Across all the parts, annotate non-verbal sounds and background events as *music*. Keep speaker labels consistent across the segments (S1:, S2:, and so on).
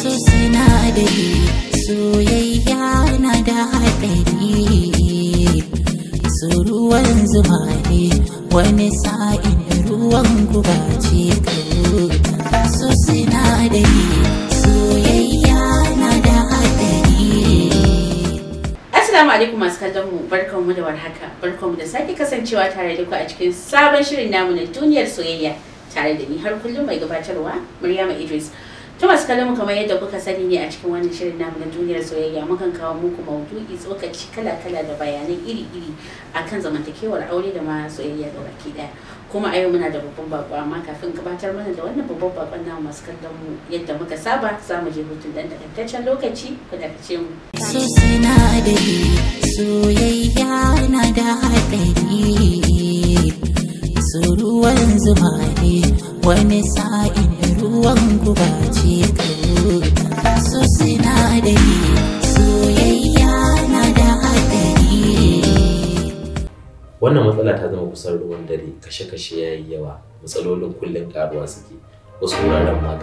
S1: so sinadari soyayya na da haɗari so ruwan zuma ne wani sa'in ruwan guba ce kawo so sinadari soyayya na da haɗari Assalamu alaikum masu
S2: kallon mu barkanmu da warhaka barkanmu da sake kasancewa tare da ku a cikin sabon shirin namu na duniyar soyayya tare da ni har kullum mai gabatarwa Maryama Idris. To masu kallon mu kamar yadda kuka sani ne a cikin wannan shirin namu na duniyar soyayya mukan kawo muku maudu'i tsokaci kala-kala da bayanai iri-iri akan zamantakewar aure da ma soyayya da baki daya. kuma a yau muna da babban bako amma kafin gabatar mana da wannan babban bakon namu masu kallon mu yadda muka saba za mu je hutun dan takaitaccen lokaci ku mu
S1: so soyayya na da haɗari so zuma ne wani sa'in ruwan ba ce su sinadari soyayya na da hadari
S3: wannan matsala ta zama kusan ruwan dare kashe-kashe ya yi yawa matsalolin kullum karuwa suke wasu wuraren ma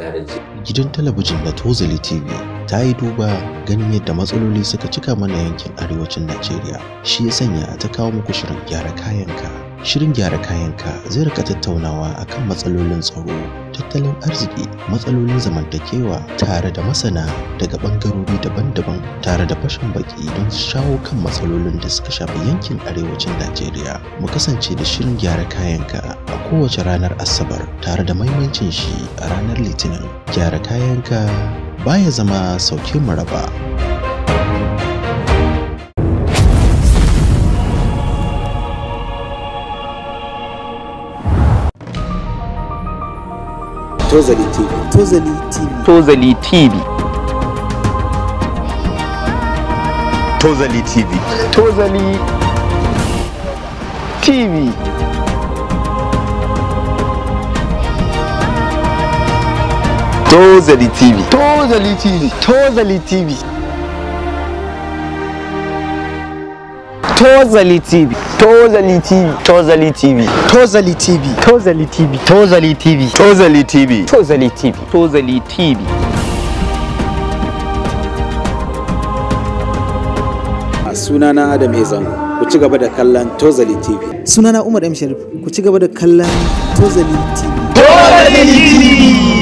S3: gidan talabijin na tozali tv ta yi duba ganin yadda matsaloli suka cika mana yankin arewacin najeriya shi ya sanya ta kawo muku shirin gyara kayanka shirin gyara kayanka zai rika tattaunawa akan matsalolin tsaro tattalin arziki matsalolin zamantakewa tare da masana daga ɓangarori daban-daban tare da fashin baki don shawo kan matsalolin da suka shafi yankin arewacin najeriya mu kasance da shirin gyara kayanka a kowace ranar asabar tare da maimancin shi a ranar litinin gyara kayanka baya zama sauke mu raba. Tozali TV. Tozali TV. Tozali TV. Tozali TV. Tozali TV. Tozali TV. Tozali TV. Tozali TV. Tozali TV. Tozali TV. Tozali TV. Tozali TV. Tozali TV. Tozali TV. Tozali TV. Tozali TV. Tozali TV. Sunana Adam Ezango. Ku ci gaba da kallon Tozali TV. Sunana Umar M Sharif. Ku ci gaba da kallon Tozali TV. Tozali TV.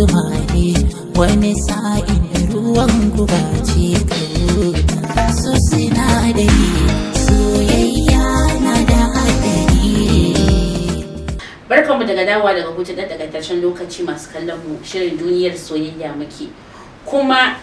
S1: zuma ne wani sa'in ruwan guba ce su sinadari soyayya na
S2: da hadari barkanmu daga dawa daga hutu da tashin lokaci masu kallon mu shirin duniyar soyayya muke kuma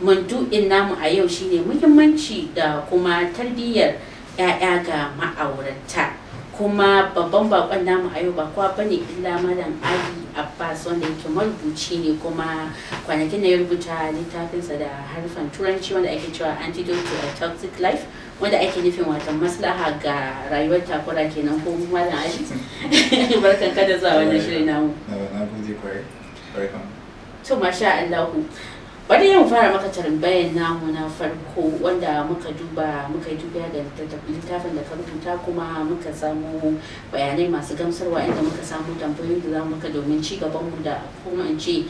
S2: mandu'in namu a yau shine muhimmanci da kuma tarbiyyar 'ya'ya ga ma'aurata kuma babban bakon namu a yau ba kowa bane illa malam ali abbas wanda yake marubuci ne kuma kwanakin na ya rubuta littafinsa da harfan turanci wanda ake cewa antidote to a toxic life wanda ake nufin wata maslaha ga rayuwar takura kenan ko kuma da ali *laughs* barkan kada zuwa wannan shirin namu Na to masha allahu bari yau fara maka tambayar namu na farko wanda muka duba muka yi dubiya da littafin da ka rubuta kuma muka samu bayanai masu gamsarwa inda muka samu tambayoyin da za mu ka domin ci gaban da kuma in ce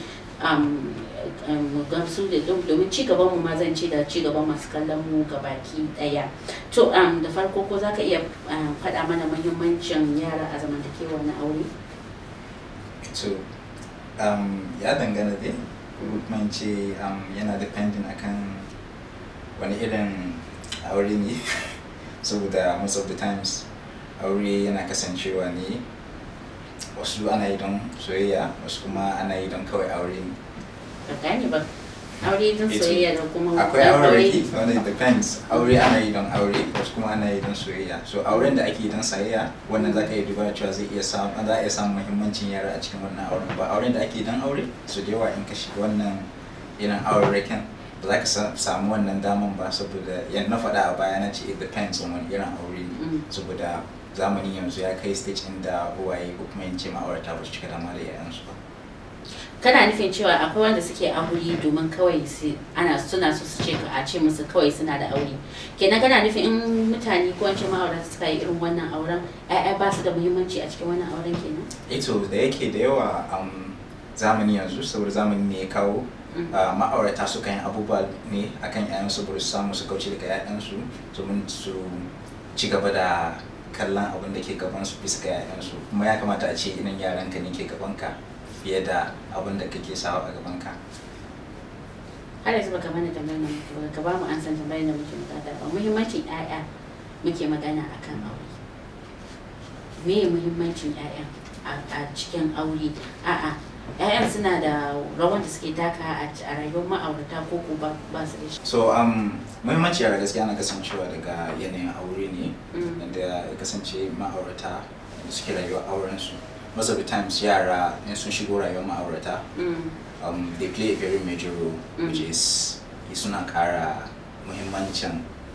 S2: gamsu da domin ci gaban ma zan ce da ci gaban masu kallon mu baki daya to da farko ko za ka iya faɗa mana muhimmancin yara a zamantakewa na aure
S3: to ya dangana dai kuma ce yana a akan wani irin aure ne *laughs* saboda most of the times aure yana kasancewa ne wasu ana yi don soyayya wasu kuma ana yi don kawai aure ne. aure don soyayya
S2: da kuma akwai aure wanda it
S3: depends aure ana yi don aure wasu kuma ana yi don soyayya so auren da ake don sayayya wannan zaka yi duba cewa zai iya samu za a iya samun muhimmancin yara a cikin wannan auren ba auren da ake don aure su da yawa in ka shiga wannan irin aurerakin ba za ka samu wannan daman ba saboda yan na faɗa a baya na ce it depends on wani irin aure ne saboda zamani yanzu uh, ya kai stage inda uwaye ko kuma in ce ma'aurata ba su cika da da 'ya'yansu ba
S2: kana nufin cewa akwai wanda suke aure domin kawai su ana suna so su ce a ce musu kawai suna da aure kenan kana nufin in mutane ko wance ma'aurata suka yi irin wannan auren ai ba su da muhimmanci a cikin wannan auren kenan
S3: ito eh da yake da yawa um, zamani yanzu saboda zamani ne ya kawo mm. uh, ma'aurata suka yi abubuwa ne akan yayansu ba su samu su kauce daga yayansu domin su ci gaba da kallon abin da ke gabansu bisa ga yayansu kuma ya kamata a ce yaran yaranka ne ke gabanka fiye da abin da kake sawa a gaban ka
S2: har yanzu baka mana tambayar nan ka ba mu an san tambayar nan muke magana ba muhimmancin ƴaƴa muke magana akan aure me muhimmancin ƴaƴa a cikin aure a'a ƴaƴan suna da rawar da suke taka a rayuwar ma'aurata ko ko ba su da shi
S3: so um muhimmanci a gaskiya na kasancewa daga yanayin aure ne mm. da kasance ma'aurata da suke rayuwa auren su most of the times yara in sun shigo rayuwar they play a very major role mm. which is suna kara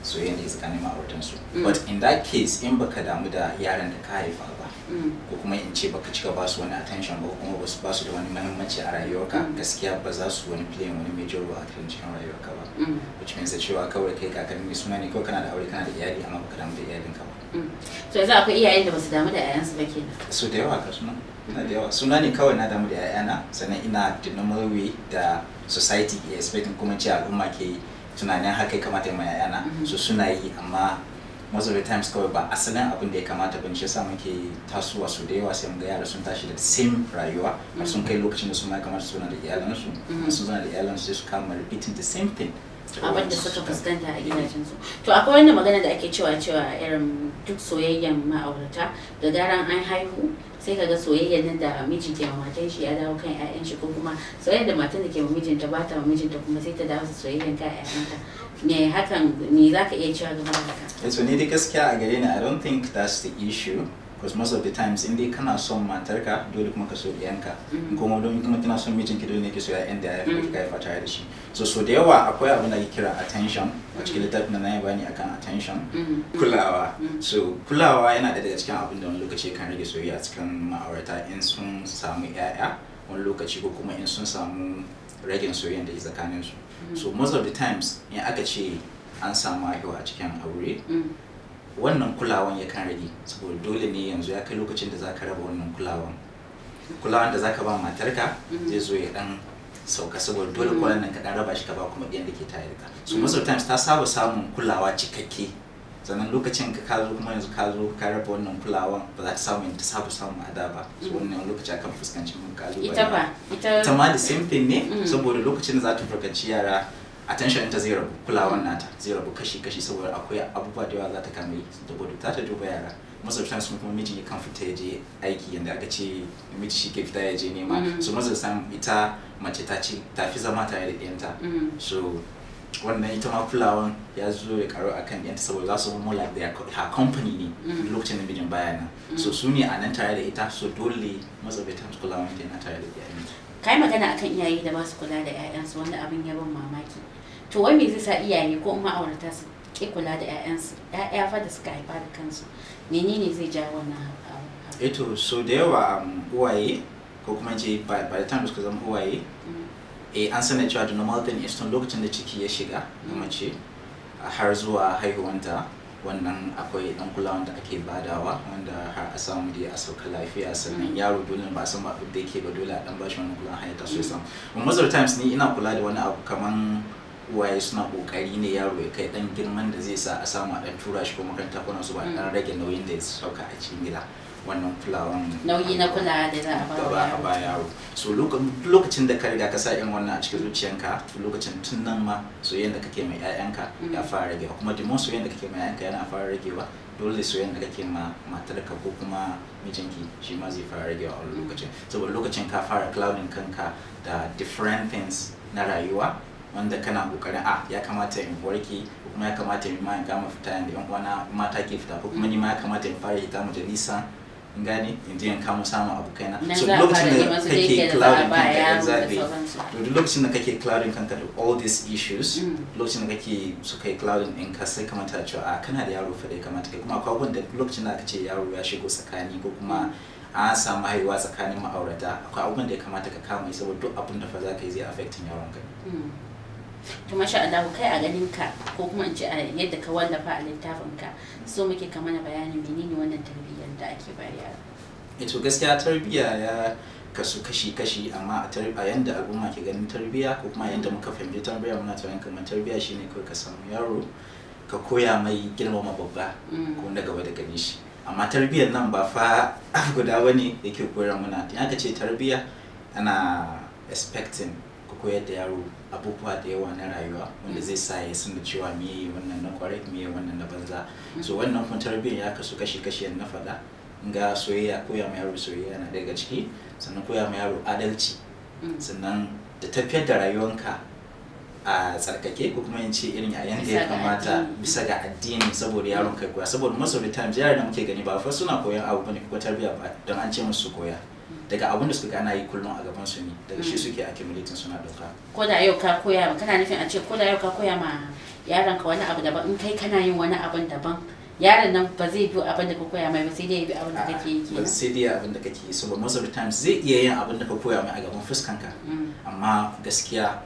S3: soyayya da ya tsakanin ma'auratansu mm. but in that case in baka damu da yaran da ka haifa ba mm. ko kuma in ce baka cika ba su wani attention ba kuma basu ba su da wani muhimmanci a rayuwarka mm. gaskiya ba za su wani play wani major role a cikin cikin rayuwarka ba which means da cewa kawai kai kakar mai suna ne kawai kana da aure kana da iyali amma baka damu da iyalinka ba
S2: to yanzu akwai iyayen da basu damu da yayansu ba kenan
S3: so da yawa ka suna na da yawa suna ne kawai na damu da yayana sannan ina the normal way da society ke expecting kuma ce al'umma ke yi tunanin haka ya kamata ma yana mm-hmm. su suna yi amma most of the times kawai ba asalin abin da ya kamata ba shi yasa muke tasowa su da yawa sai mu ga yara sun tashi da same rayuwa har sun kai mm-hmm. lokacin da su ma kamar su na da iyalansu mm-hmm. su zana da iyalansu sai su kama repeating the same thing abin
S2: da suka fuskanta a gidajen su to akwai wannan magana da ake cewa cewa irin duk soyayyen ma'aurata da garan an haihu sai ka ga soyayyar nan da miji ke matan shi ya dawo kan ƴaƴan shi ko kuma soyayyar da matan da ke ma mijinta ba ta ma mijinta kuma sai ta dawo su soyayyar kan ƴaƴanta me hakan me zaka iya cewa game da haka yanzu eh, ni dai
S3: gaskiya a gare ni i don't think that's the issue because most of the times in dai kana son matarka dole kuma ka so yanka in mm. kuma don kuma kina son mijinki dole ne ki so ƴaƴan da ya fi mm. ka haifa da shi so so da yawa akwai abin da ake kira attention a cikin mm. littafin na yi bani akan attention kulawa so kulawa yana daga cikin abin da wani lokaci kan rage soyayya a cikin ma'aurata in sun samu ƴaƴa wani lokaci ko kuma in sun samu ragin soyayya da ke tsakaninsu so most of the times in aka ce an samu haihuwa a cikin aure wannan kulawan ya kan rage saboda dole ne yanzu ya kai lokacin da za ka raba wannan kulawan kulawan da za ka ba matarka mm-hmm. zai zo ya dan sauka saboda dole mm-hmm. kwanan nan ka dan raba shi ka ba kuma ɗiyan da ke tayar ka so mm-hmm. most of times ta saba samun kulawa cikakke sannan lokacin ka zo kuma yanzu ka zo ka raba wannan kulawan ba za ka samu ta saba samun ada ba so wannan lokaci akan fuskanci mun kalubale ita ba
S2: ita ma da
S3: thing ne saboda lokacin da za ta furkanci yara attention ɗinta zai rabu kulawan nata zai rabu kashi kashi saboda akwai abubuwa da yawa za ta kame da gudu za ta duba yara most of kuma miji kan fita ya je aiki yanda aka ce miji shi ke fita ya je nema mm-hmm. so most ita mace ta ce ta fi zama tare da ɗiyanta mm-hmm. so wannan ita ma kulawan ya zo ya karo a kan ɗiyanta saboda za su mu mola da ha company ne mm-hmm. lokacin da mijin baya nan so su ne a nan tare da ita so dole most kulawan ta yana tare da ɗiyanta
S2: kai magana akan iyaye da ba su kula da 'ya'yansu wanda abin ya ban mamaki to wai me zai sa iyaye ko ma'aurata su ki kula da 'ya'yansu 'ya'ya fa da suka haifa da kansu menene zai ja wannan
S3: eto eh so da yawa um, uwaye ko kuma ce by the time suka zama uwaye mm. eh an sanar cewa da normal thing is tun lokacin da ciki ya shiga na mm. mace har zuwa haihuwanta wannan akwai dan kulawan da ake badawa wanda har a samu dai a sauka lafiya sannan mm. yaro dole ba san ba da yake ba dole a dan bashi wannan kulawan haihuwa sosai. Most of the times ni ina kula da wani abu kaman waye suna kokari ne yaro ya kai dan girman da zai sa a samu a dan tura shi ko makaranta kuna su ba dan rage nauyin da ya sauka a cikin gida wannan fulawan. nauyi na kula da za a ba yaro so lokacin da ka riga ka sa 'yan wannan a cikin zuciyanka lokacin tun nan ma soyayyen da kake mai ƴaƴanka mm. ya fara ragewa kuma dimon soyayyen da kake mai ƴaƴanka yana fara ragewa dole soyayyen da kake ma matarka ko kuma mijinki shi ma zai fara ragewa a mm. lokacin saboda lokacin ka fara clouding kanka da different things na rayuwa wanda kana kokarin a ah, ya kamata in warke ko kuma ya kamata in ma in gama fita yanda yan uwana mata ke fita ko kuma mm. ni ma ya kamata in fara hita majalisa in gane in je in kamo samun abokai na so lokacin da kake clouding kanka exactly to the lokacin da kake clouding kanka to all these issues lokacin da kake su kai clouding in ka sai kamata cewa a ah, kana da yaro fa da ya kamata kai kuma akwai abun da lokacin da aka ce yaro ya shigo tsakani ko kuma mm. an samu haihuwa tsakanin ma'aurata akwai abubuwan da ya kamata ka kama saboda duk abin da fa za ka yi zai affecting yaron ka
S2: mm. to masha Allah kai a ganin ka ko kuma in ce a yadda ka wallafa a littafin ka so muke ka mana bayanin menene wannan tarbiyyar da ake bayar
S3: eh to gaskiya tarbiyya ya kasu kashi-kashi amma a yanda al'umma ke ganin tarbiyya ko kuma yanda muka fahimci tarbiyya muna tunanin kamar tarbiyya shine kawai ka samu yaro ka koya mai girmama babba mm. ko na gaba da gani shi amma tarbiyyar nan ba fa guda bane yake koyar muna in aka ce tarbiyya ana expecting Ku koyar da yaro abubuwa da yawa na rayuwa wanda zai sa ya sanda cewa me wannan na kwarai me wannan na banza so wannan kun tarbiyyar ya kasu kashi kashi na faɗa ga soyayya koya ma yaro soyayya na daga ciki sannan koya ma yaro adalci mm. sannan da tafiyar da rayuwanka a tsarkake ko kuma in ce irin a yanda ya kamata bisa ga addini saboda yaron kai koya saboda most of the time da muke gani ba fa suna koyan abu bane ko tarbiyya ba don an ce musu koya daga abin da suka gana yi kullum a gaban su ne daga shi suke kimilitin suna dauka
S2: ko da yau ka koya ma kana nufin a ce ko da yau ka koya ma yaron ka wani abu daban in kai kana yin wani abun daban yaron nan ba zai bi abin da ka koya mai ba sai dai bi abin da kake yi ba sai
S3: dai abin da kake yi so most of the times zai iya yin abin da ka koya mai a gaban fuskanka mm. amma gaskiya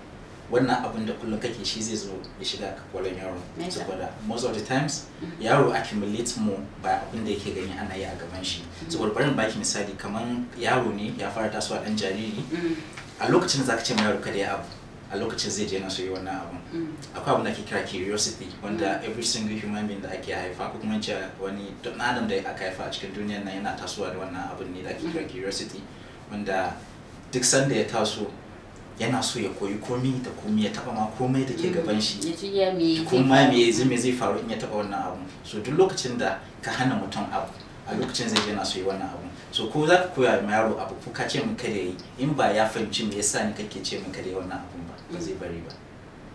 S3: wannan abin da kullum kake shi zai zo ya shiga kwallon yaro saboda most of the times mm-hmm. yaro accumulate mu ba abin da yake gani ana yi a gaban shi mm-hmm. saboda barin baki misali kamar yaro ne ya fara tasowa dan jariri mm-hmm. a lokacin da zaka ce ma yaro kada ya abu a lokacin zai je na so wannan abun akwai abin da ake kira curiosity wanda every single human being da ake haifa ko kuma ce wani don adam da aka haifa a cikin duniyar nan yana tasowa da wannan abun ne da ake kira curiosity wanda duk sanda ya taso yana so ya koyi komi da komi ya taba ma komai da ke mm. gaban shi
S2: kuma me zai
S3: me zai faru in ya taba wannan abu so duk lokacin da ka hana mutum abu a lokacin zai yana so ya wannan abu so ko za ka koya ma yaro abu ko ka ce min kada yi in ba ya fahimci me yasa ni kake ce min kada yi wannan abun ba ba zai bari ba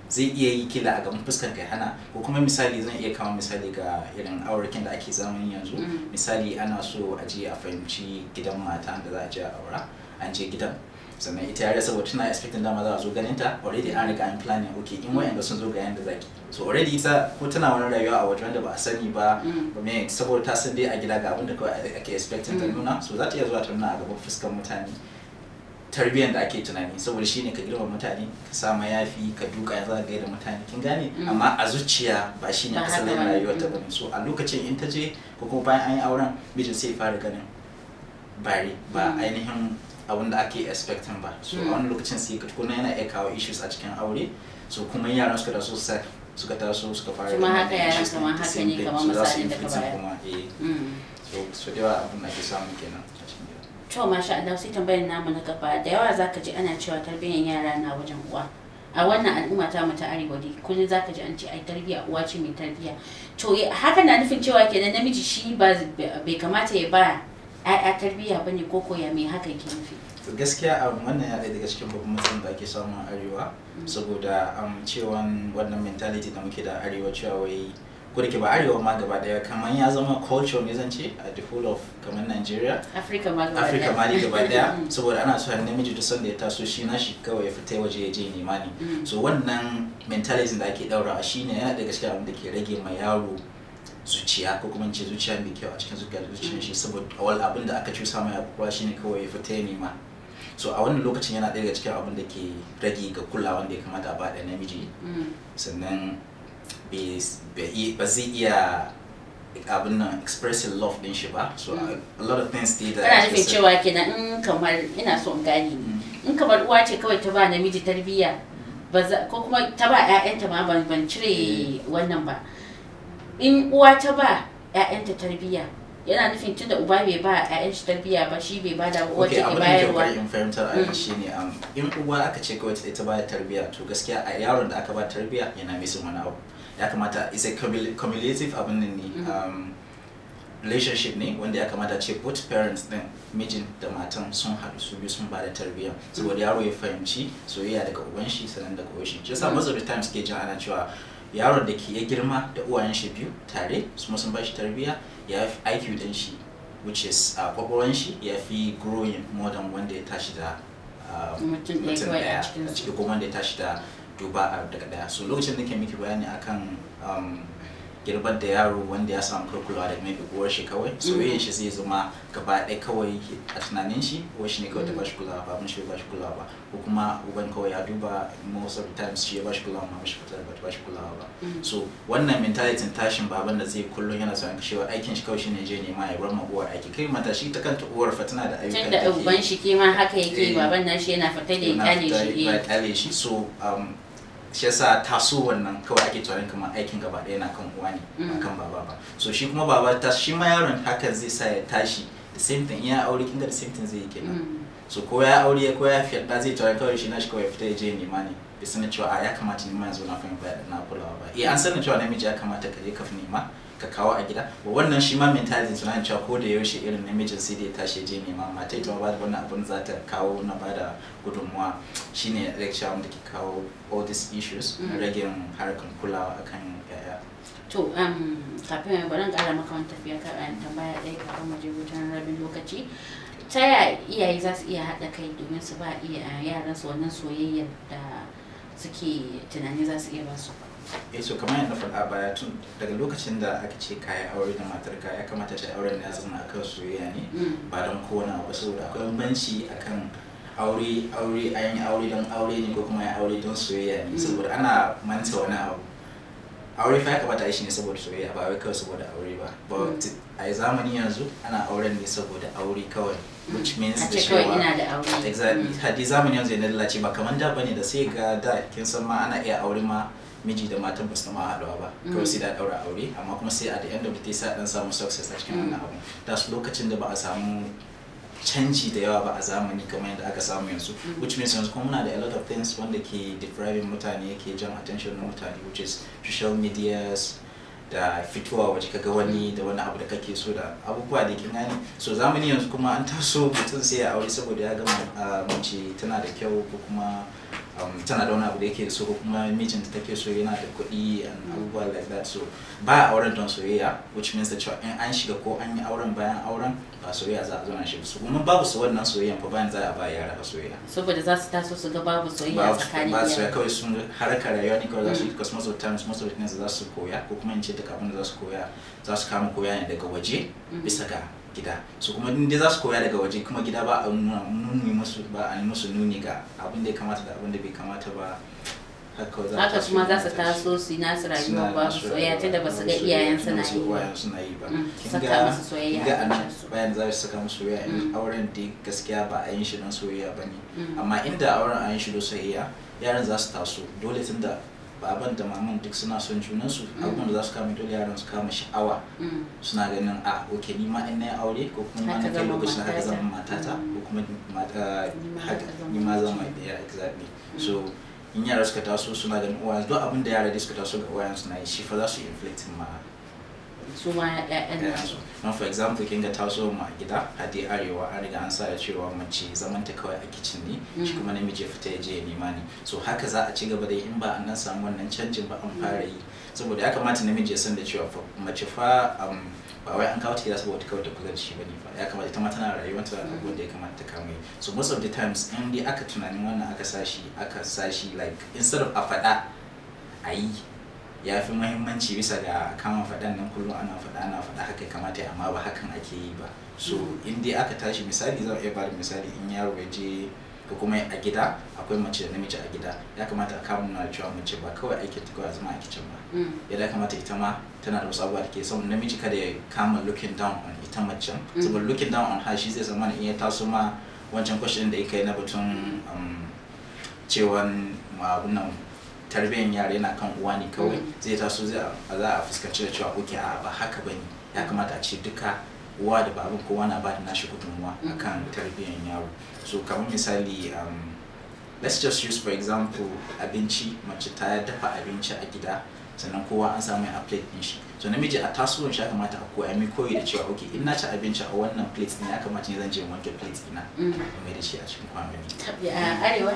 S3: zai iya yi kila a gaban fuskar kai hana ko kuma misali zan iya kawo misali ga irin aurakin da ake zamani yanzu mm. misali ana so a je a fahimci gidan mata da za a je a aura an je gidan sannan ita yare saboda tana expecting dama za a zo ganin ta already an riga an planning okay in wayanda sun zo ga yanda zaki so already ita ko tana wani rayuwa a waje wanda ba a sani ba mm. me saboda ta san dai a gida ga abinda da kawai ake expecting ta mm. nuna so za ta iya zuwa ta nuna a gaban fuskar mutane tarbiyyar da ake tunani saboda shine ka girma mutane ka sa yafi ka duka ya za gaida mutane kin gane mm. amma a zuciya ba shine asalin rayuwar ta bane so a lokacin in ta je ko kuma bayan an yi auren mijin sai fara ganin bare ba ainihin abin da ake expecting ba so hmm. a wani lokacin sai ka tukuna yana iya kawo issues a cikin aure so kuma yaran suka da so sai suka taso suka fara kuma haka yaran kuma haka ne kamar misalin da ka bayar eh. hmm. so so da abin da ke samu kenan
S2: to masha Allah sai tambayar namu na gaba da yawa zaka ji ana cewa tarbiyyar yara na wajen uwa a wannan al'umma ta mu ta arewa dai kullum zaka ji an ce ai tarbiya uwa ce mai tarbiya to haka na nufin cewa kenan namiji shi ba bai kamata ya ba 'ya'ya tarbiyya bane ko koya mai haka ke nufi
S3: gaskiya a wannan ya daga cikin babban matsalar da ake samu a arewa mm. saboda um, cewan wannan mentality da muke da arewa cewa wai ko da ke ba arewa ma gaba daya kamar ya zama culture ne zan ce a the whole of kamar Nigeria
S2: Africa ma gaba Africa ma gaba daya *laughs* mm.
S3: saboda ana so namiji duk sanda ya taso shi na shi kawai ya fita waje ya je nema ne mm. so wannan mentality da ake daura shine yana daga cikin abin da ke rage ma yaro zuciya ko kuma ce zuciya mai kyau a cikin zuciya zuciya shi saboda wal abin da aka cusa mai shi shine kawai ya fita ya nema so a wannan lokacin yana ɗaya daga cikin abin da ke rage ga kulawa da ya kamata ba da namiji mm. sannan ba zai iya abin nan expressing love din shi ba so a mm. lot of things dey da kana nufin cewa kenan in kamar
S2: ina so in gane mm. in kamar uwa ce kawai ta ba namiji tarbiyya ko kuma ta ba 'ya'yanta ma ban cire eh. wannan ba in uwa ta ba 'ya'yanta tarbiyya yana nufin tun da uba bai ba 'ya'yan tarbiyya ba shi bai ba da uwa bayarwa ok in fahimtar a mm. shi
S3: ne um, in uwa aka ce kawai ta ba da tarbiyya to gaskiya a yaron da aka ba tarbiyya yana misin wani abu ya kamata is a cumulative abin nan ne mm-hmm. um, relationship ne wanda ya kamata ce both parents din mijin da matan sun haɗu su biyu sun ba da tarbiyya saboda yaro ya fahimci soyayya daga uban shi sananda daga uwan shi shi yasa mm. most of the times ke jin ana cewa yaron da ke ya girma da uwayen shi biyu tare su sun bashi tarbiyya ya fi IQ din shi which is a kwakwalwan shi ya fi growing more than wanda ya tashi da mutum daya a cikin kuma wanda ya tashi da duba daga daya so lokacin da ke miki bayani akan um, girbar da yaro wanda ya samu kurkulawa da mai biguwar shi kawai soyayyar shi zai zama gaba ɗaya kawai a tunanin shi uwar shi ne kawai ta bashi kulawa ba mun shi ba kulawa ba ko kuma uban kawai ya duba most of the times shi ya bashi shi kulawa amma shi ba ta bashi kulawa ba mm-hmm. so wannan mentality tashin baban da zai kullum yana son kashewa aikin shi kawai shine je nema ya bar ma uwar aiki kai mata shi ta kanta uwar fatana da ayyukan da uban shi ke ma haka yake eh. baban
S2: nashi yana fata da ya
S3: kyale eh. shi so um, shi yasa taso wannan kawai ake tunanin kamar aikin gaba ɗaya na kan uwa ne mm. kan baba ba so shi kuma baba ta shi ma yaron haka zai sa ya tashi the same thing ya aure kin da the same thing zai yi kenan mm. so ko ya aure ko ya fiye zai tunanin kawai shi na shi kawai fita ya je nema ne bai sanin cewa a ya kamata nema yanzu na fahimta na kulawa ba eh an sanin cewa namiji ya kamata ka je ka nema ka kawo a gida ba wannan shi ma mentality tunanin cewa ko da yaushe irin namijin sai da ya tashi je nema mata ita ba wannan abun za ta kawo na ba da gudunmuwa shine lecture wanda ke kawo all these issues mm. rage harkar kulawa akan yaya
S2: to um, kafin bari in kara maka wani tafiya ka tambaya ɗaya kafin mu je wutan rabin lokaci ta ya iyaye za su iya haɗa kai domin su ba yaran su wannan soyayyar da suke tunani za su iya ba su ba
S3: eh so kamar yadda faɗa baya tun daga lokacin da aka ce kaya aure da matar ka ya kamata ta auren ya zama akan soyayya ne mm. ba don kona ba saboda akwai bambanci akan aure aure an yi aure don aure ne ko kuma ya aure don soyayya ne mm. saboda ana manta wani abu aure fa ya kamata a yi shi ne saboda soyayya ba wai kawai saboda aure ba but mm. a zamani yanzu ana auren ne saboda aure kawai which means da cewa ina da aure exactly hadi zamani yanzu ya lalace ba kamar da bane da sai ga da kin san ma ana iya aure ma miji da matan ba su ma haɗuwa ba kawai sai da ɗaura aure amma kuma sai a da yan da ta sa dan samu success a cikin wannan abu ta su lokacin da ba a samu canji da yawa ba a zamani kamar yadda aka samu yanzu which means yanzu kuma muna da a lot of things wanda ke depriving mutane ke jan attention na mutane which is social media da fitowa waje kaga wani da wani abu da kake so da abubuwa da kin gani so zamani yanzu kuma an taso mutum sai ya aure saboda ya gama ah, mace tana da kyau ko kuma Um, tana da wani abu da yake so ko kuma mijin da take so yana da kuɗi and abubuwa like that so ba a auren don soyayya which means da in an shiga ko an yi auren bayan auren ba soyayya za a zauna shi su kuma babu su wannan soyayyan fa bayan za a ba yara ba soyayya
S2: saboda za su taso su ga babu soyayya tsakanin ba soyayya
S3: kawai sun harkar rayuwa ne kawai za su yi mm. because most of the times most of the things za su koya ko kuma in ce duk abin da za su koya za su kama koya ne daga waje mm. bisa ga gida su kuma in dai za su koya daga waje kuma gida ba a nuni musu ba a musu nuni ga abin da ya kamata da abin da bai kamata ba haka kuma za su
S2: taso su yi nasu rayuwa ba su soya ta da ba su ga iyayen suna yi ba
S3: suna yi ba saka musu soyayya ga bayan za su saka musu soyayya in mm. auren da gaskiya ba a yin shi don soyayya ba ne mm. amma inda auren a yin shi don soyayya yaran za su taso dole tun da baban da maman duk suna son junansu mm. abin da za su kama dole yaran su kama sha'awa mm. suna ganin a ah, ok ni ma in na aure ko kuma ma na kai lokacin haka zama matata ko kuma ni ma zama ah, da exactly mm. so in yara suka taso suna ganin uwayensu duk abin da yara suka taso ga uwayensu na yi shi fa za su inflate ma su ma for example kin ga taso mu a gida a da arewa an riga an sa da cewa mace zaman ta kawai a kicin ne shi mm. kuma namiji ya fita ya je ya nema ne so haka za a ci gaba da in ba an nan samu wannan canjin ba an mm. fara yi saboda ya kamata namiji ya san da cewa mace fa um, ba wai an kawo ta gida saboda kawai da kusanci ba ne ba ya kamata ita ma tana rayuwa ta mm. abin da ya kamata ta kama yi so most of the times in dai aka tunanin wannan aka shi aka shi like instead of a faɗa a yi ya fi mahimmanci bisa ga kama faɗan nan kullum ana faɗa ana faɗa haka kamata amma ba hakan ake yi ba so in dai aka tashi misali za a iya bada misali in yaro ya je ko kuma a gida akwai mace da namiji a gida ya kamata a kama nuna cewa mace ba kawai aikin ta kawai zama a kicin ba mm. ya da kamata ita ma tana da wasu abubuwa da ke son namiji kada ya kama looking down on ita macen mm. saboda looking down on her shi zai zama in ya taso ma wancan question da ya kai na batun um, cewan abun tarbiyyar yara yana kan uwa ne kawai mm. zai taso za a fuskanci da cewa kuke a ba haka ba ne ya mm. kamata a ce duka uwa da babu kowa na ba da nashi gudunmuwa mm. kan tarbiyyar yaro so kamar misali um, let's just use for example abinci mace ta dafa abinci a gida sannan kowa an samu a plate din shi to namiji a tasowar shi kamata a koya mai koyi da cewa ok in na ci abinci a wannan plate din ya kamata ne zan je wanke plate ina mm. mai da shi a cikin kwamani arewa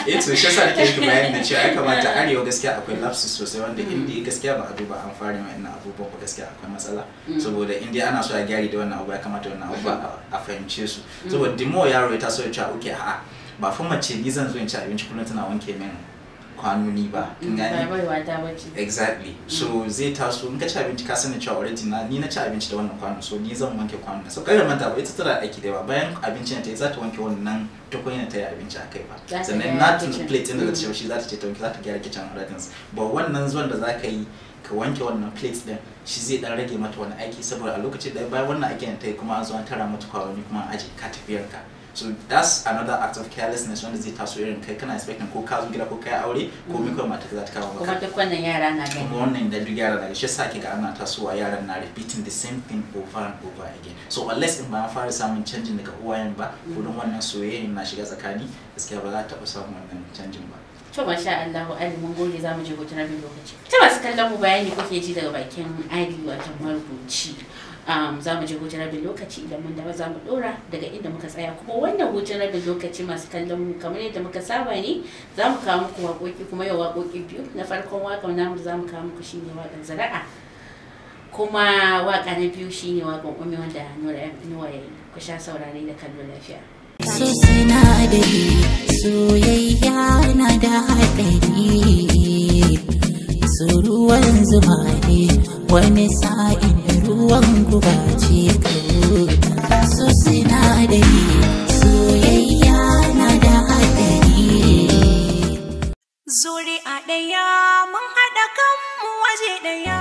S3: *laughs* eh to shi yasa ke yi bayani da cewa ya kamata arewa gaskiya akwai lapses sosai wanda mm. indi gaskiya ba a duba an fara ina abubuwan ba gaskiya akwai matsala mm. saboda in ana so a gyari da wannan abu ya kamata wannan abu *laughs* a fahimce su saboda dimo yaro ya taso ya cewa ok a ba fa mace ni zan zo in ci abinci kullum tana wanke min kwanoni mm, ba kin gani exactly mm. so zai taso in ka ci abinci ka sani cewa already na ni na ci abinci da wannan kwano so ni zan wanke kwano so kada manta ba ita tana aiki da yawa bayan abinci na ta za ta wanke wannan tukunya ta yi abinci a kai ba sannan na tun plate din da mm. ta shi za ta ce ta wanke za ta gyara kitchen already ba wannan zuwan da za ka yi ka wanke wannan plates ɗin shi zai dan rage mata wani aiki saboda a lokacin da bayan wannan aikin ta yi kuma an zo an tara mata kwaroni kuma an aje ka tafiyar ka so that's another act of carelessness when they taso irin kai kana expect ko ka zo gida ko kai aure ko mai kawai mata za ta kawo maka kuma duk
S2: wannan yara na gani kuma wannan
S3: da duk yara na shi yasa ki ga ana tasowa yaran na repeating the same thing over and over again so unless in ba an fara samun canjin daga uwayen ba ko don wannan soyayyen na shiga tsakani gaskiya ba za ta taɓa samun wannan canjin ba
S2: to masha Allah Ali mun gode zamu je hutun rabin lokaci ta masu kallon mu bayani kuke ji daga bakin Ali wato marubuci za mu je hujjar rabin lokaci idan mun dawo za mu dora daga inda muka tsaya kuma wannan hujjar rabin lokaci masu kallon mu kamar yadda muka saba ne za mu kawo muku waƙoƙi kuma yau waƙoƙi biyu na farkon waƙar namu za mu kawo muku shine waƙar zara'a kuma waƙa na biyu shine waƙar umi wanda nura nuna ya yi ku sha saurare da kallo lafiya. so sinadari
S1: soyayya na da haɗari ne wani sa'in ruwan guba ce ka so sinadari soyayya na da hadari zuri a ɗaya mun haɗa
S4: kanmu waje ɗaya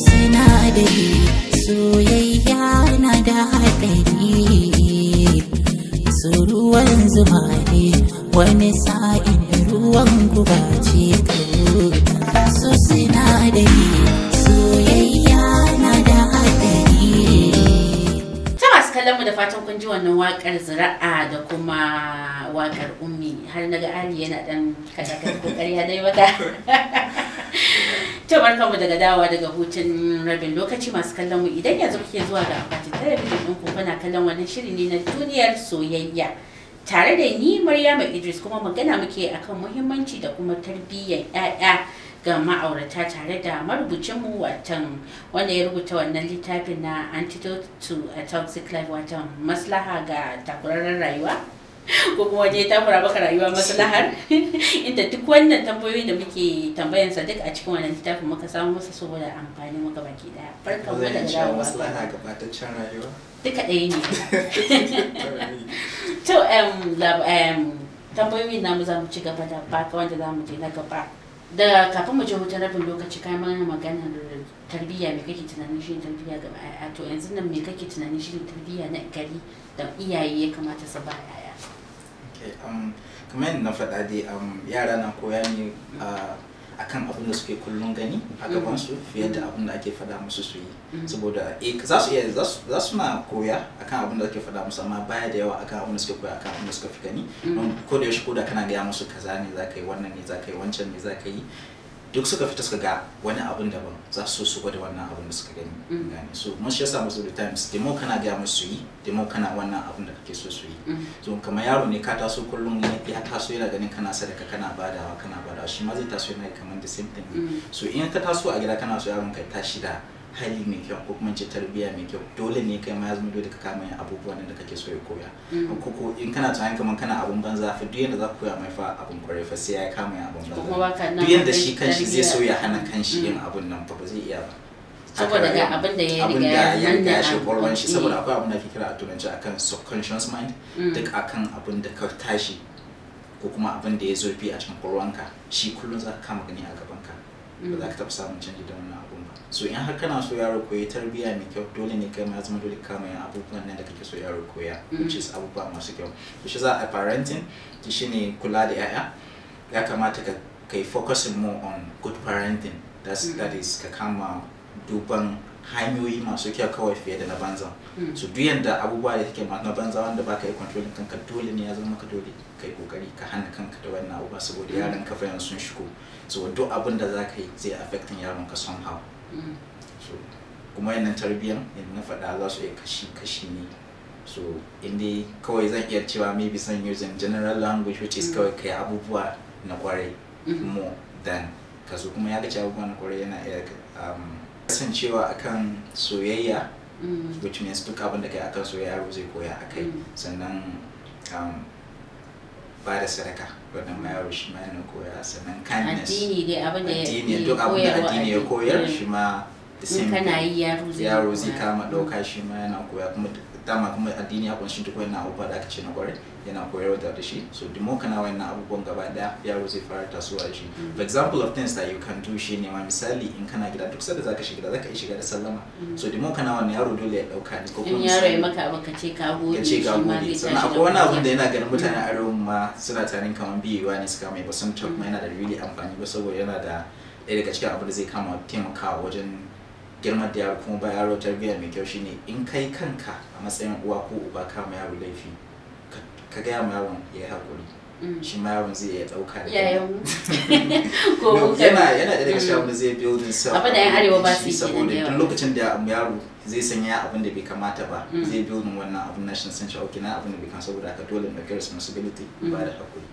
S4: sinadari
S1: soyayya na da haɗari su ruwan zuma ne wani sa'in ruwan guba ce su sinadari
S2: kallon mu da fatan kun ji wannan wakar zira'a da kuma wakar ummi har naga ali yana dan kadakar kokari ya dai wata to barkanmu daga dawa daga hutun rabin lokaci masu kallon mu idan yanzu kuke zuwa ga akwatin talabijin ku kuna kallon wannan shiri ne na duniyar soyayya tare da ni Maryama Idris kuma magana muke akan muhimmanci da kuma tarbiyyar 'ya'ya ga ma'aurata tare da marubucinmu watan wanda ya rubuta wannan littafin na antidote to a toxic life watan maslaha ga takurarren rayuwa *laughs* ko kuma waje takura baka rayuwa maslahar *laughs* inda duk wannan tambayoyi da muke tambayan sa duk a cikin wannan littafin muka samu masa saboda amfani muka baki daya barkan mu da dawowa maslaha
S3: ga batacin rayuwa duka ɗaya ne
S2: *laughs* to em tambayoyi mu za mu ci gaba da baka wanda za mu je na gaba da kafin mu je wuta rabin lokaci kai mana da tarbiyya me kake tunanin shi tarbiyya ga yaya to yanzu nan me kake tunanin shi tarbiyya na gari da iyaye ya kamata su ba yaya
S3: um, kamar na faɗa dai um, yara na koya ne uh, akan abin da suke kullun gani a mm-hmm. gaban su fiye da abin da ake fada musu su yi mm-hmm. saboda eh, za su iya za su na koya akan abin da ake fada musu amma baya da yawa akan abin da suke koya akan abin da suka fi gani mm-hmm. ko da yaushe ko da kana gaya musu kaza ne za ka yi wannan ne za ka yi wancan ne za ka yi duk suka fita suka ga wani abun daban za su su gwada wannan abun da suka gani mm. gane so mun shi yasa musu the times demo kana ga musu yi demo kana wannan abun da kake so su yi mm. so kamar yaro ne ka taso kullum ne, ya taso yana ganin kana sadaka kana badawa kana badawa shi ma zai taso yana kamar the same thing mm. so in ka taso a gida kana so yaron ka tashi da hali mai kyau ko kuma ce tarbiyya mai kyau dole ne kai ma ya zama dole ka kama yin abubuwan da kake so ya koya mm. ko ko in kana tunanin kamar kana abun banza fa duk yanda za ku koya mai fa abun kwarai fa sai ya kama yin abun banza duk yanda shi kanshi zai so ya hana kanshi yin mm. abun nan fa ba zai iya ba saboda ga abin da ya riga ya riga ya shiga kwakwalwar shi saboda akwai abin da ake kira a turanci akan subconscious mind mm. duk akan abin da ka tashi ko kuma abin da ya zurfi a cikin kwakwalwanka shi kullum za ka kama gani a gabanka ba za ka taɓa samun canji da wannan so in har kana so yaro koyi tarbiyya mai kyau dole ne kai ma zama dole kama mai abubuwan nan da kake so yaro koya which is abubuwa masu kyau to shi za a parenting ki shine kula da yaya ya kamata ka kai focusing more on good parenting that's mm that is ka kama duban hanyoyi masu kyau kawai fiye da na banza mm. so duk yanda abubuwa da take na banza wanda baka yi control kanka dole ne ya zama ka dole kai kokari ka hana kanka da wannan abubuwa saboda mm. yaran ka fayan sun shigo so duk abin da zaka yi zai affecting yaron ka somehow so kuma yana tarbiyyar yadda na faɗa za su yi kashi-kashi ne so inda kawai zan iya cewa maybe son using general language which is mm. kawai kai abubuwa na kwarai mm-hmm. more than kaso kuma ya gaci abubuwa na kwarai yana iya um, kasancewa kan soyayya mm. which means duk abin da kai akan soyayya zai koya akai mm. sannan um, ba da sadaka wannan ma yaro shi ma yana koya sannan kindness addini dai abin da addini duk abin da addini ya koyar shi ma kana yi yaro zai kama dauka shi ma yana koya kuma dama kuma addini ya kunshi duk wannan abubuwa da aka ce na kwarai yana koyarwa da shi so the more kana wannan abubuwan gaba daya yaro zai fara tasowa da shi mm. for example of things that you can do shi ne ma misali in kana gida duk sanda zaka shiga zaka yi shiga da sallama mm. so the more kana wannan yaro dole ya dauka ni ko kuma yaro ya
S2: maka abin ka ce ka gode shi ma zai sannan akwai wani abun da yana ganin mutanen mm.
S3: arewa ma suna tarin kamar biyewa ne suka mai ba sun kuma yana da really amfani ba saboda yana da ɗaya daga cikin abin da zai kama taimakawa wajen girma da yaro kuma ba yaro tarbiyya mai kyau shine in kai kanka matsayin uwa ko uba ka ma yaro laifi ka gaya ma yaron ya hakuri haƙuri mm. shi ma yaron zai iya ɗauka da *laughs* yana yana da daga mm. shawar zai din sa abin da yan arewa ba su yi saboda duk lokacin da yaro zai sanya abin da bai kamata ba mm. zai biyo din wannan abin san shi okay na abin da bai kamata saboda ka dole na kai responsibility ba da haƙuri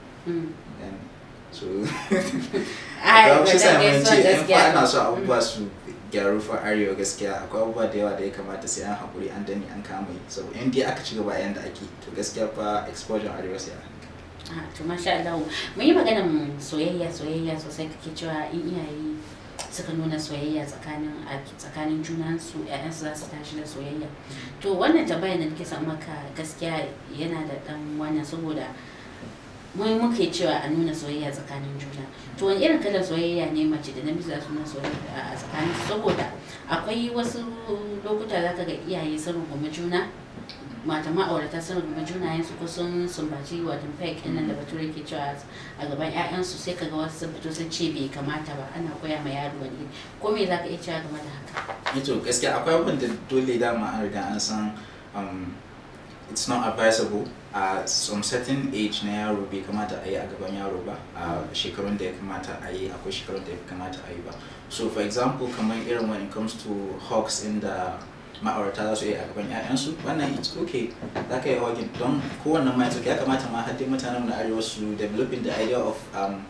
S3: so *laughs* ana so mm. abubuwa su gyaru arewa gaskiya akwai abubuwa da yawa da ya kamata sai an haƙuri an dani an kama yi so in dai aka ci gaba ake to gaskiya fa exposure arewa sai a
S2: ah, to masha Allah mun yi maganar soyayya soyayya sosai kake cewa in iyaye suka nuna soyayya tsakanin tsakanin junansu ƴaƴansu za su tashi da soyayya mm. to wannan tambayar da nake sa maka gaskiya yana da ɗan wannan saboda mun muke cewa a nuna soyayya tsakanin juna to wani irin kalar soyayya ne mace da namiji za su nuna soyayya a tsakanin saboda akwai wasu lokuta zaka ga iyaye sun rungumi juna mata ma'aurata sun juna junayen ko kusan sumbaci watan fake ɗin da bature ke cewa a gaban 'ya'yansu sai kaga wasu sun fito sun ce bai kamata ba ana koya ma yaro wani ko me zaka iya cewa game da haka.
S3: Eh to gaskiya akwai abin da dole dama an riga an san um, it's not advisable at uh, some certain age na yaro bai kamata a yi a gaban yaro ba a uh, shekarun da ya kamata a yi akwai shekarun da ya kamata a yi ba so for example kamar irin when it comes to hawks in da ma'aurata za su yi a gaban 'ya'yansu wannan it's okay za ka yi hogging don kowanne ma ya kamata ma haddin mutanen na arewa su developing the idea of um,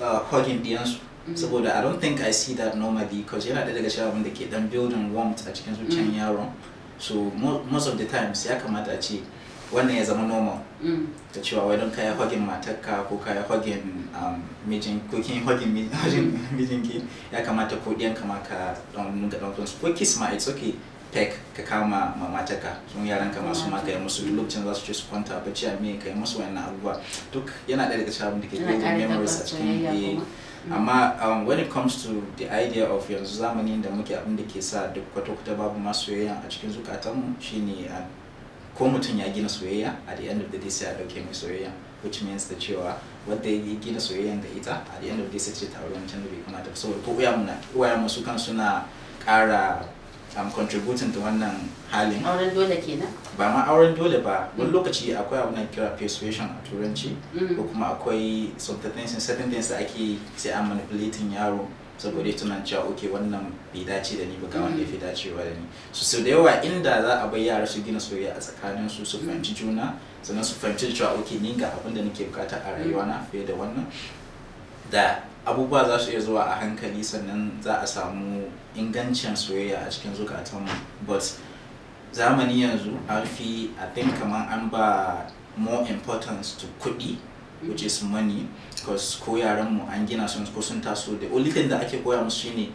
S3: uh, hogging ɗiyansu mm-hmm. saboda i don't think i see that normally because yana ɗaya daga cewa abin da ke dan building warmth a cikin zuciyar mm. yaron so most of the times ya kamata a ce wannan ya zama normal mm. ta cewa wai don kaya hogin matarka ko kaya hogin um, mijin ko kin hogin mijin ki ya kamata ko diyan kama ka don ga don ko kiss ma it's okay pek ka kama ma matarka sun yaran ka masu maka musu duk lokacin za su ce su kwanta bacci a me kai musu wannan abubuwa duk yana ɗaya daga cikin abin da ke da memories a cikin Mm. amma um, when it comes to the idea of yanzu zamanin da muke abin da ke sa duk kwata-kwata babu ma soyayya a cikin zukatanmu shine uh, ko mutum ya gina soyayya at the end of the day sai a dauke mai soyayya which means da cewa wanda ya gina soyayya da ita at the end of the day sai ce taron wancan da bai kamata saboda ko uya su kan suna ƙara am contributing to wannan halin auren dole kenan ba ma auren dole ba wani mm. lokaci akwai abin da kira persuasion a turanci mm. ko kuma akwai subtitles certain things ake sai am manipulating yaro saboda ya tunan cewa oke wannan bai dace da ni ba ga wanda mm. ya fi dacewa da ni so sau da yawa inda za a bar yara su gina soyayya a tsakanin su su fahimci juna sannan su fahimci cewa oke ni ga abin da nake bukata a rayuwa na fiye da wannan da abubuwa za su iya zuwa a hankali sannan za a samu ingancin soyayya a cikin zukatan but zamani yanzu an fi a think kamar an ba more importance to kuɗi which is money because ko yaranmu an gina sun ko sun taso da only thing da ake koya musu shine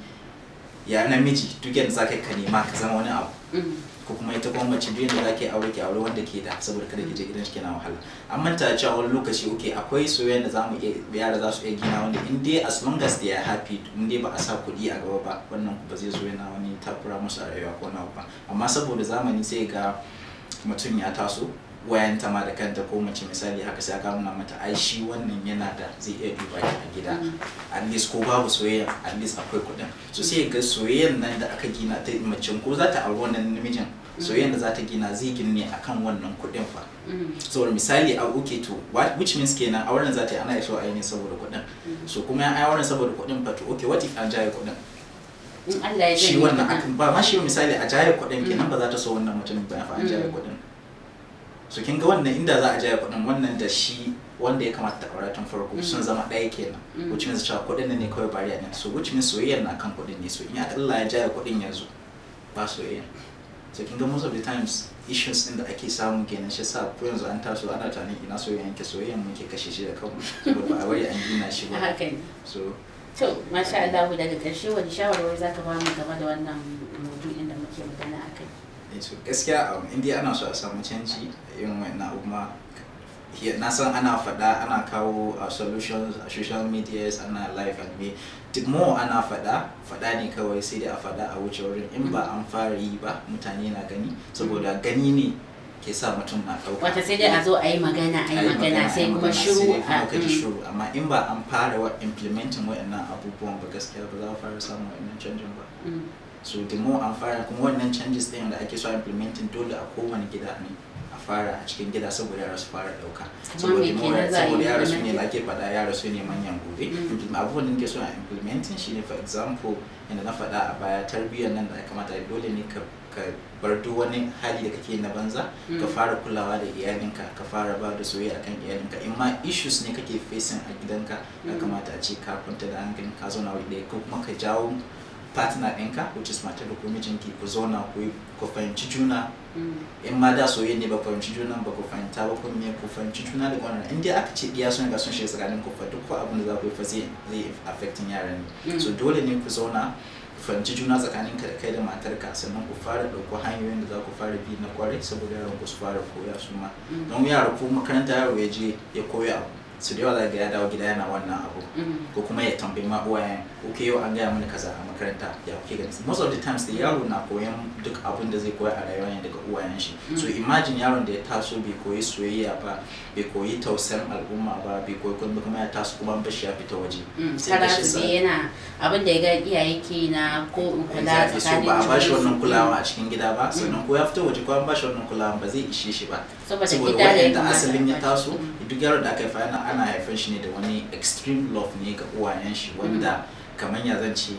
S3: ya namiji duk yadda za ka nema ka zama wani abu Mm. ko kuma ita kuma mace duk yadda yi aure ki aure wanda ke da saboda kada ki je gidan shi kina wahala an manta a wani lokaci okay akwai soyayya da zamu iya yara za su iya gina wanda in dai as long as they are happy in dai ba a sa kuɗi a gaba ba wannan ba zai zo yana wani takura musu a rayuwa ko nawa ba amma saboda zamani sai ga mutum ya taso ta ma da kanta ko mace misali haka sai aka nuna mata ai shi wannan yana da zai iya duba ki a gida mm. at least ko babu soyayya at least akwai kuɗin so sai ga soyayyan nan da aka gina ta mace ko za ta auri wannan namijin mm. soyayyan da za ta gina zai gina ne akan wannan kuɗin fa mm. saboda misali a uke to which means kenan auren za ta yi ana yi so a yi ne saboda kuɗin so kuma ya auren saboda kuɗin fa to okay what if an jaye kuɗin
S2: shi wannan akan
S3: ba ma shi misali a jaye kuɗin kenan ba za ta so wannan mutumin ba fa an jaye kuɗin su kin ga wannan inda za a jaya kuɗin wannan da shi wanda ya kamata ta aura tun farko sun mm. zama ɗaya kenan mm. which means cewa kuɗin ne kawai bari ne so which means soyayyar na kan kuɗin ne so in ya Allah ya jaya kuɗin yanzu ba soyayya so kin ga most of the times issues din da ake samu kenan shi sa ko yanzu an taso ana tani ina soyayya ke soyayya muke kashe shi da kanmu ba a bari an gina shi ba haka so
S2: to masha Allah daga ƙarshe wani shawarwari zaka ba mu game da wannan
S3: to eh, gaskiya um, indiya ana so a samu canji irin wannan abubuwa na san ana faɗa ana kawo a uh, solutions a social medias ana live and me duk mo ana faɗa faɗa ne kawai sai dai a fada a wuce wurin in ba an fara yi ba mutane na gani saboda gani ne ke sa mutum na ɗauka wata sai dai a zo
S2: a yi magana a yi magana sai kuma shiru a kaji ah, mm. shiru
S3: amma in ba an fara wa implementing waɗannan abubuwan ba gaskiya ba za a fara samun waɗannan canjin ba mm. so the more an fara kuma wannan changes ɗin da ake so implementing dole a kowane gida ne a fara a cikin gida saboda yara su fara ɗauka saboda yara su ne lake faɗa yara su ne manyan gobe mm. abubuwan da nake so a implementing shine for example yadda na faɗa a baya tarbiyyar nan da ya kamata dole ne ka ka bar duk wani hali da kake na banza mm. ka fara kulawa da iyalinka ka fara ba da soyayya akan iyalinka in ma issues ne kake facing a gidanka ya mm. kamata a ce ka kwanta da hankalin ka zauna wuri ɗaya ko kuma ka jawo partner ɗinka which is matar da ko mijinki ku zauna ku fahimci juna mm. in ma da soyayya ne ba fahimci juna ba ku fahimta ba ku me ku fahimci juna da wannan in aka ce iya sun ga sun shiga tsakanin ku fa duk abin da za ku yi fa zai affecting yaran ne mm. so dole ne ku zauna fahimci juna tsakanin ka da kai da matarka sannan ku fara ɗauko hanyoyin da za ku fara bi na kwarai saboda yaran ku su fara koya su ma mm. don yara ko makaranta yaro ya je ya koya abu su da yawa ga ya dawo gida yana wannan abu mm-hmm. ko kuma ya tambayi ma uwayen ok yau an gaya mini kaza a makaranta ya kuke gani most of the times da yaro na koyan duk abin da zai koya a rayuwa ne daga uwayen shi mm-hmm. so imagine yaron da ya taso bai koyi soyayya ba bai koyi tausayin al'umma ba bai koyi kuma kuma ya taso kuma bashi ya fita waje mm-hmm. sai da shi yana
S2: abin da ya ga iyaye ke na ko in kula tsakanin ba a bashi wannan kulawa
S3: a cikin gida ba sannan ko ya fita waje ko an bashi wannan kulawa ba zai ishe shi ba saboda wanda asalin ya taso duk yaron da aka yi fa yana ana haifar shi ne da wani extreme love ne ga uwayen shi wanda mm-hmm. kamar ya zan ce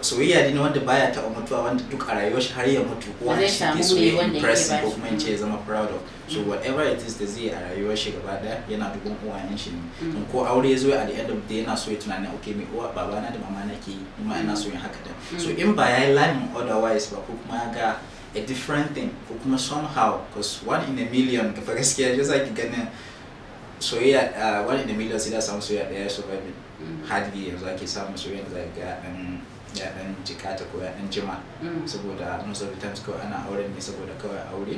S3: soyayya ne wanda baya ta mutuwa wanda duk a rayuwar shi har ya mutu uwayen shi ke so ya impressive ko kuma in ya zama proud of so mm-hmm. whatever it is da zai a rayuwar shi gaba da yana dubin uwayen shi ne mm-hmm. in ko aure ya zo a the end of day yana so ya tunani okay mai uwa na da mama nake yi kuma ina so yin haka da so in ba ya yi lamin otherwise ba ko kuma ya ga a different thing ko kuma somehow because one in a million gaskiya ya za ki ganin soyayya wani da miliyan sai da samu soyayya daya so babin mm. hadi yanzu ake samun soyayya da ga dan ya dan jikata ko ya dan jima mm. saboda most of the times kawai ana auren ne saboda kawai aure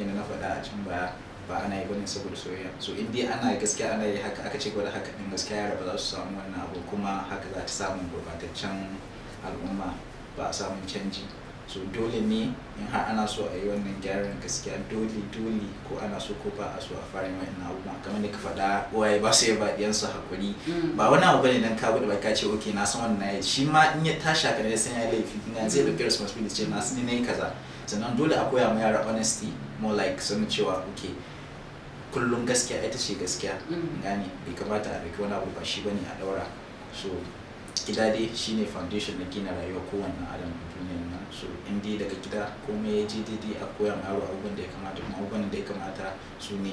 S3: yana na faɗa a cikin baya ba ana yi bane saboda soyayya so in dai ana gaskiya ana yi haka aka ce gwada haka din gaskiya yara ba za su samu wannan abu kuma haka za ta samu gurbataccen al'umma ba a samun canji so dole ne in har ana so a yi wannan gyaran gaskiya dole dole ko ana so ko ba a so a fara na abubuwa kamar da ka faɗa waye ba su ba diyansu hakuri mm. ba wani abu bane dan ka ba ka ce okay na san wannan yayi shi ma in ya tashi ka na san ya laifi na zai ɗauki responsibility ce na na yi kaza sannan dole a koya ma yara honesty more like sanin cewa oke kullum gaskiya ita ce gaskiya mm. gane bai kamata a ɗauki wani abu ba shi bane a ɗaura so gida dai ne foundation na gina rayuwa kowanne adam duniya su indi daga gida komai ya ji didi a koyon aro yaro abubuwan da ya kamata kuma abubuwan da ya kamata su ne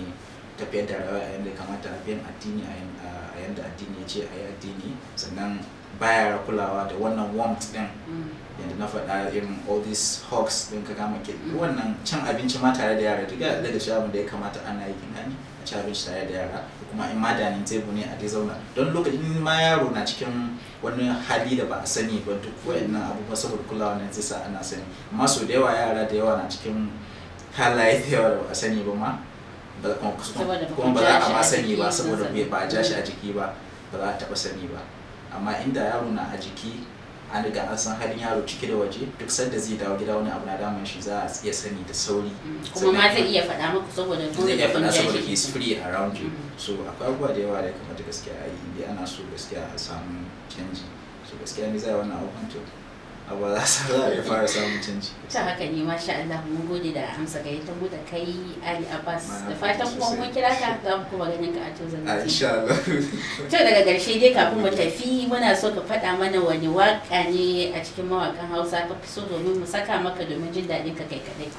S3: tafiyar da rawa a yadda ya kamata a biyan addini a yadda addini ya ce a yi addini sannan baya kulawa da wannan warmth din mm. yadda na faɗa irin all these hawks din ka kama ke mm. wannan cin abinci ma tare da yara duk daga shi abin da ya kamata ana yi ne a ci abinci tare da yara kuma in ma dining ne a dai zauna don lokacin ma yaro na cikin wani hali da ba a sani ba duk wayannan abubuwa saboda kulawa ne zai sa ana sani amma sau da yawa yara da yawa na cikin halaye da yawa da ba a sani ba ma kuma ba za a ma sani ba saboda ba a ja shi a jiki ba ba za a taɓa sani ba amma inda yaro na a jiki an riga an san halin yaro ciki da waje duk sanda zai dawo gida wani abu na damun shi za a iya sani da sauri kuma ma zai iya faɗa maka saboda dole zai iya faɗa saboda he's free around you mm-hmm. so akwai abubuwa da yawa da ya kamata gaskiya a yi ana so gaskiya a samu canji so gaskiya ni zai wannan abubuwan to abu za su fara samun
S2: canji ta haka ne masha Allah mun gode da amsa ta da kai Ali Abbas da fatan kuma mun kira ka kuma ganin ka a insha Allah to daga karshe dai kafin mu tafi muna so ka faɗa mana wani waka ne a cikin mawakan Hausa ka fi so domin mu saka maka domin jin daɗin ka kai kaɗai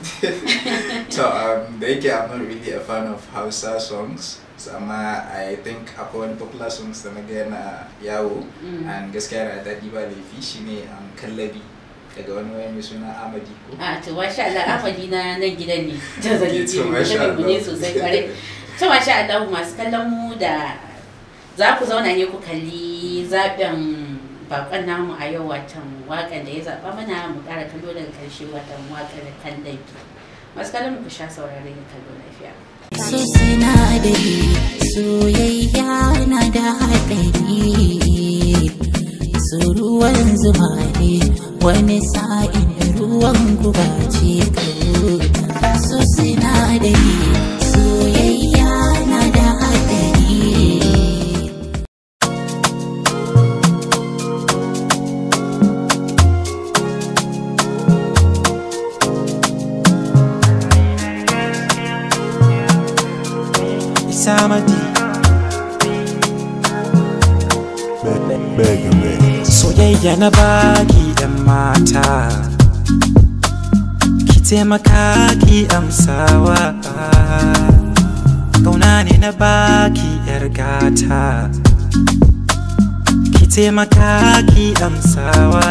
S3: *laughs* to um, da yake I'm really a fan of Hausa songs so i think akwai wani popular songs da na ga yana yawo mm. and gaskiya na daɗi ba laifi shine an um, kallabi daga wani waya mai suna amadi ko a ah, to masha Allah
S2: amadi na nan gidan ne ta zage ce mu ne sosai kware to masha Allah masu kallon mu da za ku zauna ne ku kalli zaben bakon namu a yau watan wakan da ya zaba mana mu kara kallo daga karshe watan wakan da kallabi masu kallon mu ku sha saurare kallo lafiya so sinadari
S1: soyayya na da haɗari so ruwan zuba ne wani sa'in ruwan guba ce so sinadari
S5: ya na baki yan mata ki taimaka ki amsawa kauna ne na baki yar gata ki taimaka ki amsawa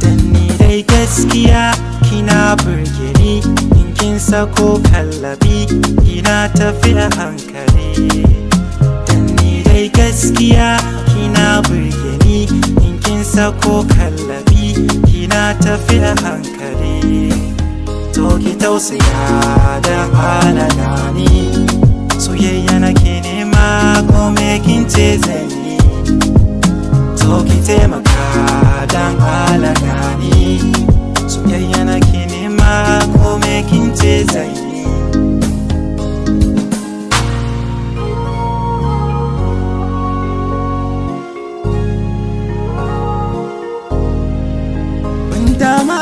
S5: dan ni dai gaskiya kina burge ni in kin sako kallabi Ina tafi a hankali dan ni dai gaskiya kina burge ko kallabi kina tafi a hankali to ki tausaya da halala ni soyayya nake nema ko me kin ce zan yi to ki taimaka dan halala ni soyayya nake nema ko me kin ce zan yi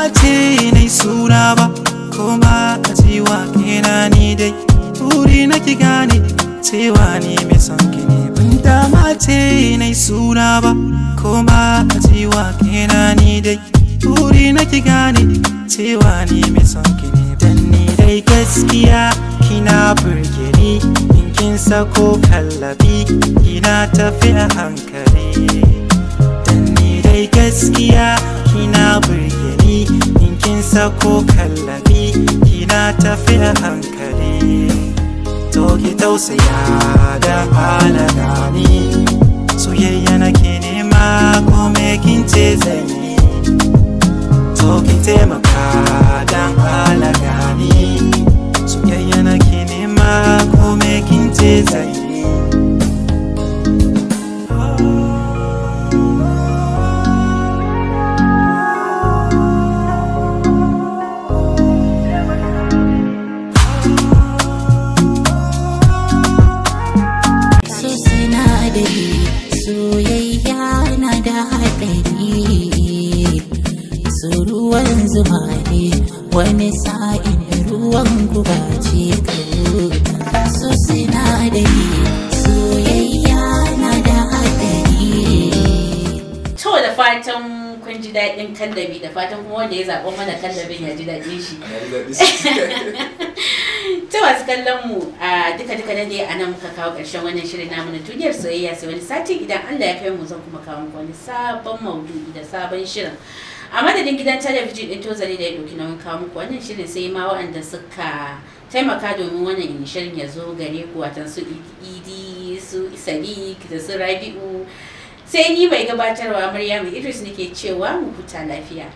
S5: ce nai suna ba koma a cewa kena ni dai turi na ki gane cewa ni mai son ki ne ban dama ce nai suna ba koma a cewa kena ni dai turi na ki gane cewa ni mai son ki ne dan ni dai gaskiya kina burge ni in kin sako kallabi kina tafi a hankali dan ni dai gaskiya kina birgeni in kin sako kallabi kina tafi a hankali to ki tausaya da halaka ni soyayya ke nema ko me kin ce zan yi to ki taimaka dan halaka ni soyayya ke nema ko me kin ce zan yi
S1: gurbace na da hadari
S2: fatan kun ji daɗin kallabi da fatan kuma wanda ya zaɓo mana kallabin ya ji daɗin shi ta wasu *laughs* kallon mu a duka duka na dai a nan muka kawo ƙarshen wannan shirin namu na soyayya sai wani sati idan Allah ya kai mu zan kuma kawo muku wani sabon maudu'i da sabon shirin a madadin gidan talabijin ɗin tozali da ya na nauyin kawo muku wannan shirin sai ma waɗanda suka taimaka domin wannan shirin ya zo gare ku watan su idi su sadiq da su rabi'u sai ni mai gabatarwa maryam idris nake cewa mu huta lafiya